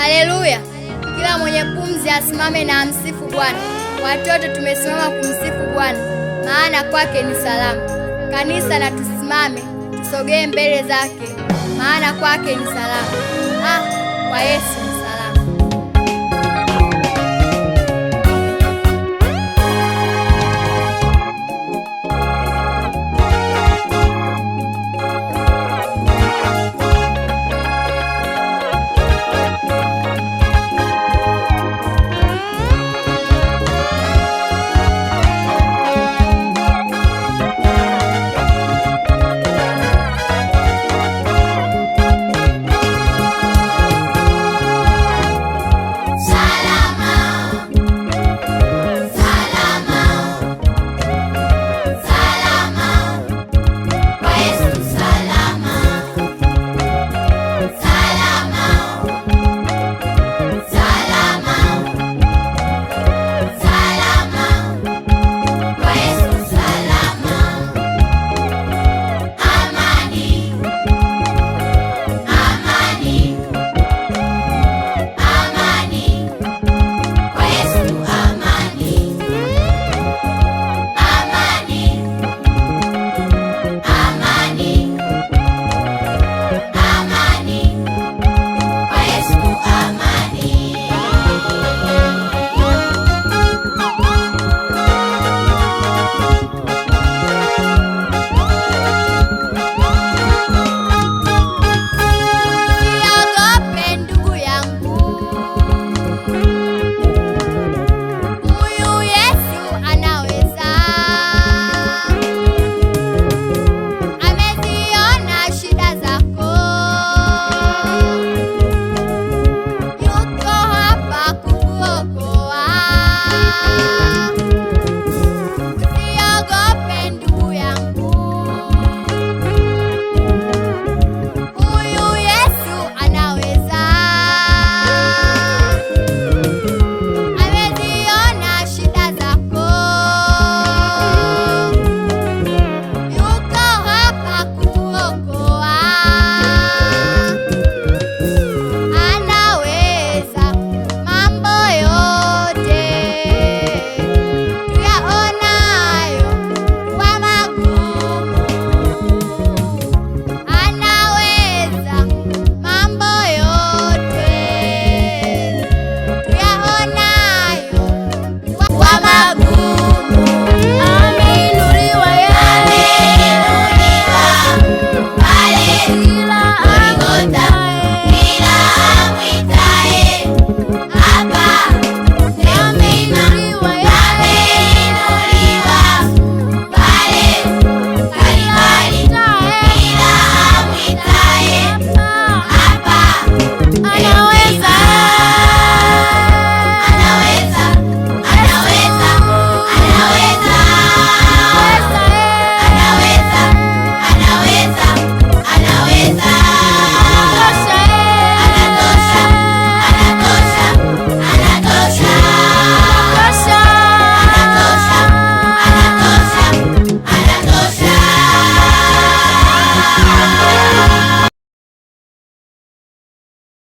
Haleluya! Kila mwenye pumzi asimame na amsifu Bwana. Watoto tumesimama kumsifu Bwana, maana kwake ni salamu. Kanisa na tusimame, tusogee mbele zake, maana kwake ni salamu. Ah, kwa Yesu